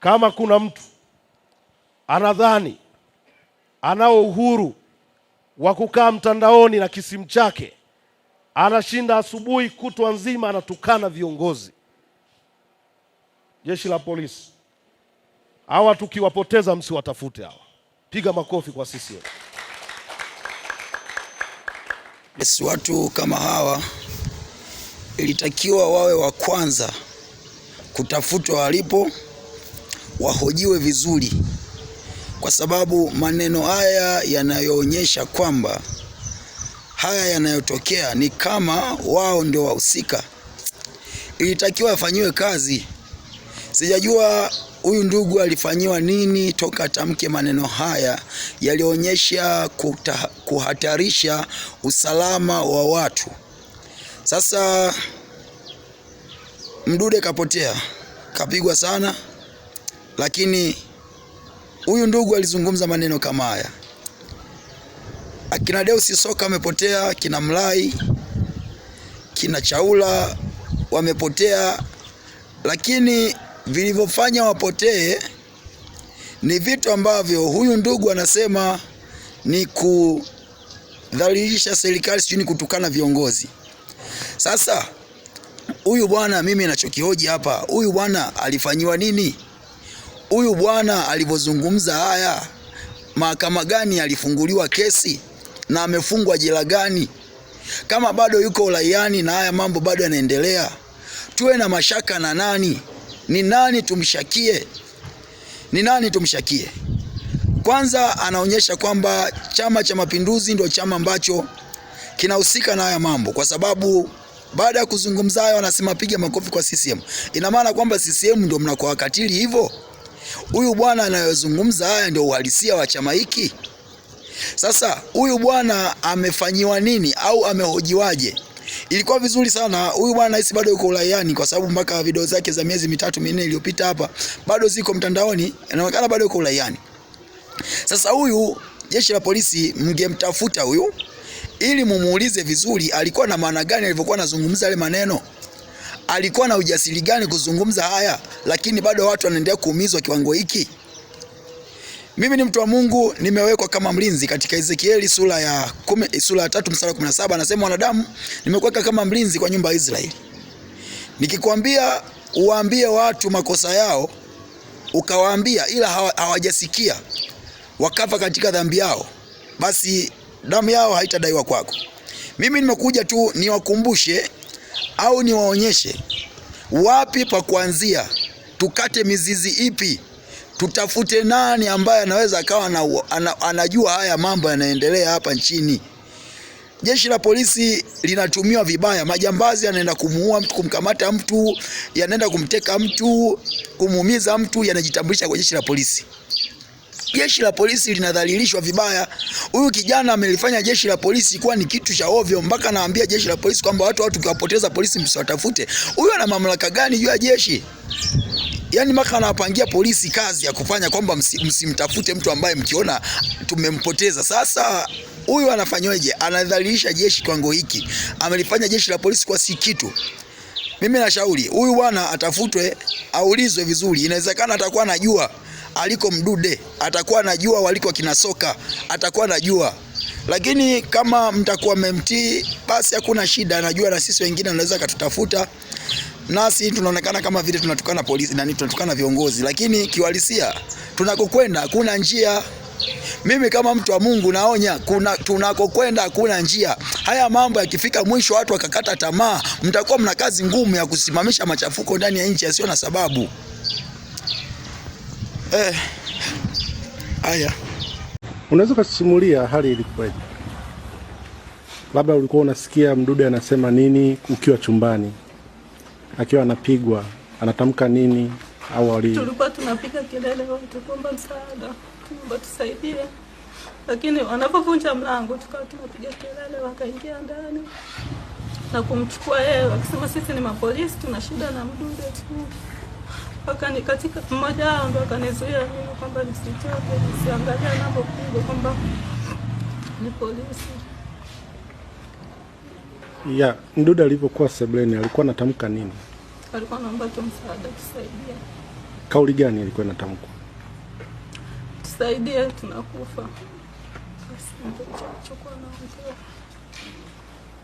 Kama kuna mtu anadhani anao uhuru wa kukaa mtandaoni na kisimu chake, anashinda asubuhi kutwa nzima anatukana viongozi, jeshi la polisi, hawa tukiwapoteza msiwatafute hawa. Piga makofi kwa sisi. Yes, watu kama hawa ilitakiwa wawe wa kwanza kutafutwa walipo wahojiwe vizuri, kwa sababu maneno haya yanayoonyesha kwamba haya yanayotokea ni kama wao ndio wahusika, ilitakiwa afanyiwe kazi. Sijajua huyu ndugu alifanyiwa nini toka tamke maneno haya yalionyesha kuhatarisha usalama wa watu. Sasa Mdude kapotea, kapigwa sana. Lakini huyu ndugu alizungumza maneno kama haya, akina Deus Soka wamepotea kina Mlai, kina Chaula wamepotea, lakini vilivyofanya wapotee ni vitu ambavyo huyu ndugu anasema ni kudhalilisha serikali, sijui ni kutukana viongozi. Sasa huyu bwana, mimi nachokihoji hapa, huyu bwana alifanyiwa nini? huyu bwana alivyozungumza haya, mahakama gani alifunguliwa kesi na amefungwa jela gani? Kama bado yuko uraiani na haya mambo bado yanaendelea, tuwe na mashaka na nani? Ni nani tumshakie? Ni nani tumshakie? Kwanza anaonyesha kwamba Chama cha Mapinduzi ndio chama ambacho kinahusika na haya mambo, kwa sababu baada ya kuzungumza hayo anasema piga makofi kwa CCM. Ina maana kwamba CCM ndio mnakuwa wakatili hivyo? huyu bwana anayozungumza haya ndio uhalisia wa chama hiki? Sasa huyu bwana amefanyiwa nini au amehojiwaje? Ilikuwa vizuri sana. Huyu bwana nahisi bado yuko uraiani, kwa sababu mpaka video zake za miezi mitatu minne iliyopita hapa bado ziko mtandaoni, inaonekana bado yuko uraiani. Sasa huyu jeshi la polisi, mngemtafuta huyu ili mumuulize vizuri, alikuwa na maana gani alivyokuwa anazungumza yale maneno alikuwa na ujasiri gani kuzungumza haya, lakini bado watu wanaendelea kuumizwa kiwango hiki? Mimi ni mtu wa Mungu, nimewekwa kama mlinzi katika Ezekieli sura ya kumi, sura ya tatu mstari wa 17 anasema, wanadamu, nimekuweka kama mlinzi kwa nyumba ya Israeli. Nikikwambia uwaambie watu makosa yao, ukawaambia ila hawajasikia, wakafa katika dhambi yao, basi damu yao haitadaiwa kwako. Mimi nimekuja tu niwakumbushe au niwaonyeshe wapi pa kuanzia, tukate mizizi ipi, tutafute nani ambaye anaweza akawa anajua haya mambo yanaendelea hapa nchini. Jeshi la polisi linatumiwa vibaya. Majambazi yanaenda kumuua mtu, kumkamata mtu, yanaenda kumteka mtu, kumuumiza mtu, yanajitambulisha kwa jeshi la polisi jeshi la polisi linadhalilishwa vibaya. Huyu kijana amelifanya jeshi la polisi kuwa ni kitu cha ovyo, mpaka naambia jeshi la polisi kwamba watu watu kiwapoteza polisi msiwatafute. Huyu ana mamlaka gani juu ya jeshi? Yaani mpaka anawapangia polisi kazi ya kufanya kwamba msimtafute msi mtu ambaye mkiona tumempoteza. Sasa huyu anafanyweje? Anadhalilisha jeshi kwango hiki, amelifanya jeshi la polisi kwa si kitu. Mimi nashauri huyu bwana atafutwe, aulizwe vizuri. Inawezekana atakuwa anajua aliko Mdude, atakuwa anajua waliko kina Soka, atakuwa anajua. Lakini kama mtakuwa mmemtii, basi hakuna shida, anajua na sisi wengine anaweza katutafuta, nasi tunaonekana kama vile tunatukana polisi na tunatukana viongozi, lakini kiuhalisia tunakokwenda kuna njia mimi kama mtu wa Mungu naonya, kuna tunakokwenda kuna njia. Haya mambo yakifika mwisho, watu wakakata tamaa, mtakuwa mna kazi ngumu ya kusimamisha machafuko ndani ya nchi yasiyo na sababu. Eh. Aya. unaweza kusimulia hali ilikuwaje? Labda ulikuwa unasikia Mdude anasema nini ukiwa chumbani, akiwa anapigwa, anatamka nini? Au wali tulikuwa tunapiga kelele watu kuomba msaada, tuomba tusaidie, lakini wanapovunja mlango tukawa tunapiga kelele, wakaingia ndani na kumchukua yeye, wakisema sisi ni mapolisi, tuna shida na Mdude tu akani katika mmoja wao ndo akanizuia mimi kwamba nisitoke nisiangalie anapopigwa kwamba ni polisi. Ya Mdude alivyokuwa sebleni alikuwa anatamka nini? Alikuwa anaomba tu msaada, tusaidia. Kauli gani alikuwa inatamkwa? Tusaidie, tunakufa. chukua na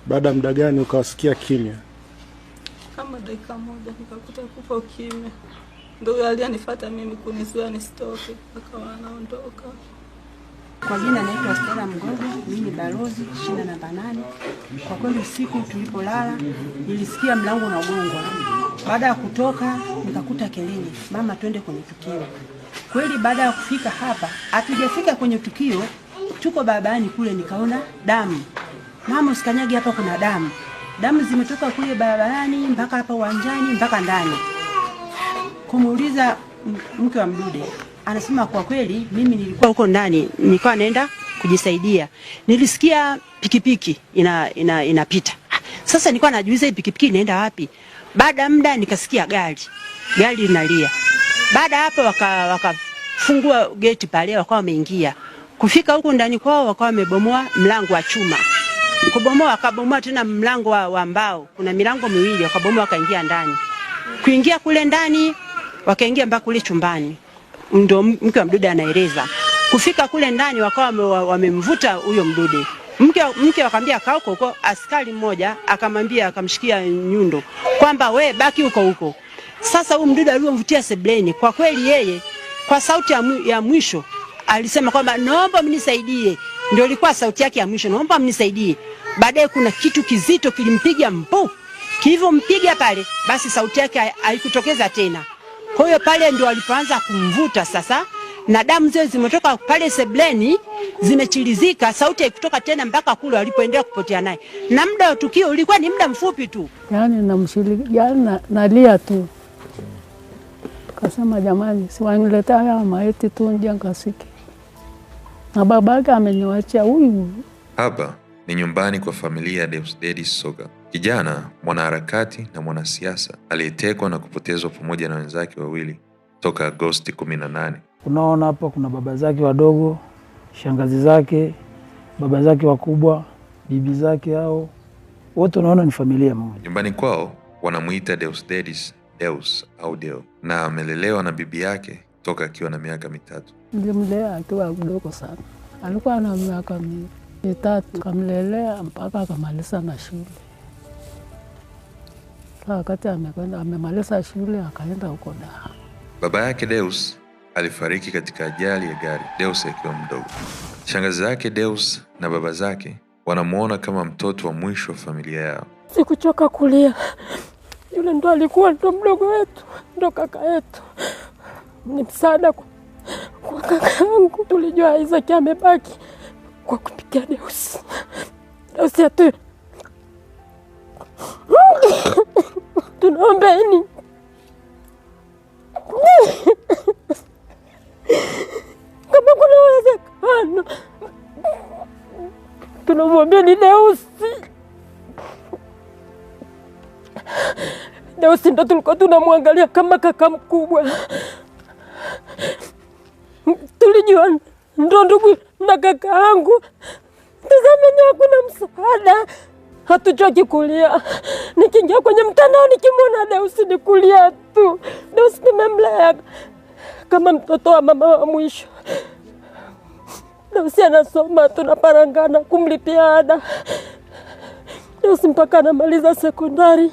Baada ya muda gani ukawasikia kimya? kama dakika moja nikakuta kupo kimya, ndio aliyenifuata mimi kunizuia nisitoke, akawa anaondoka. Kwa jina naitwa Stella Mgogo, mimi ni balozi shina namba nane. Kwa kweli usiku tulipolala nilisikia mlango unagongwa. Baada ya kutoka nikakuta kelini mama, twende kwenye tukio. Kweli baada ya kufika hapa, hatujafika kwenye tukio, tuko babani kule, nikaona damu. Mama, usikanyage hapa, kuna damu damu zimetoka kule barabarani mpaka hapa uwanjani mpaka ndani. Kumuuliza mke wa Mdude anasema kwa kweli, mimi nilikuwa huko ndani, nilikuwa naenda kujisaidia, nilisikia pikipiki ina, ina, inapita. Sasa nilikuwa najiuliza hii pikipiki inaenda wapi? Baada ya muda nikasikia gari gari linalia. Baada hapo wakafungua waka geti pale, wakawa wameingia. Kufika huko ndani kwao, wakawa wamebomoa mlango wa chuma kubomoa, akabomoa tena mlango wa, wa mbao, kuna milango miwili, wakabomoa wakaingia ndani. Kuingia kule ndani wakaingia mpaka kule chumbani, ndio mke wa Mdude anaeleza. Kufika kule ndani wakawa wamemvuta huyo Mdude mke, mke akamwambia kaa huko huko. Askari mmoja akamwambia akamshikia nyundo kwamba we baki huko huko. Sasa huyu Mdude aliyomvutia sebleni, kwa kweli yeye kwa sauti ya mwisho alisema kwamba naomba mnisaidie, ndio ilikuwa sauti yake ya mwisho, naomba mnisaidie. Baadaye kuna kitu kizito kilimpiga mpu, kilivyompiga pale, basi sauti yake haikutokeza tena. Kwa hiyo pale ndio alipoanza kumvuta sasa, na damu zile zimetoka pale sebleni zimechirizika, sauti haikutoka tena mpaka kule alipoendelea kupotea naye, na muda wa tukio ulikuwa ni muda mfupi tu. Yani namshiriki yani na, nalia tu, kasema jamani, siwaniletea haya maiti tu nje ngasiki na yake ameniwachia huyu. Hapa ni nyumbani kwa familia ya Deusdedith Soga, kijana mwanaharakati na mwanasiasa aliyetekwa na kupotezwa pamoja na wenzake wawili toka Agosti 18. Unaona hapa kuna baba zake wadogo, shangazi zake, baba zake wakubwa, bibi zake, hao wote unaona ni familia moja. Nyumbani kwao wanamwita Deusdedith Deus au Deo, na amelelewa na bibi yake toka akiwa na miaka mitatu. Nilimlea akiwa mdogo sana, alikuwa na miaka mitatu, kamlelea mpaka akamaliza na shule. Wakati amekwenda amemaliza shule akaenda huko da Baba yake Deus alifariki katika ajali ya gari, Deus akiwa mdogo. Shangazi yake Deus na baba zake wanamwona kama mtoto wa mwisho wa familia yao. Sikuchoka kulia, yule ndo alikuwa ndo mdogo wetu, ndo kaka yetu ni msaada kwa, kwa yangu. Tulijua Isaac amebaki kwa kupitia Deusi. Deusi atu tunaombeni kama kuna uwezekano tunamwombeni Deusi. Deusi ndo tulikuwa tunamwangalia kama kaka mkubwa tulijua ndo ndugu na kaka yangu. Tazameni, hakuna msaada, hatuchoki kulia. Nikiingia kwenye mtandao nikimwona Deusi ni kulia tu. Deusi nimemlea kama mtoto wa mama wa mwisho. Deusi anasoma, tunaparangana kumlipia ada. Deusi mpaka anamaliza sekondari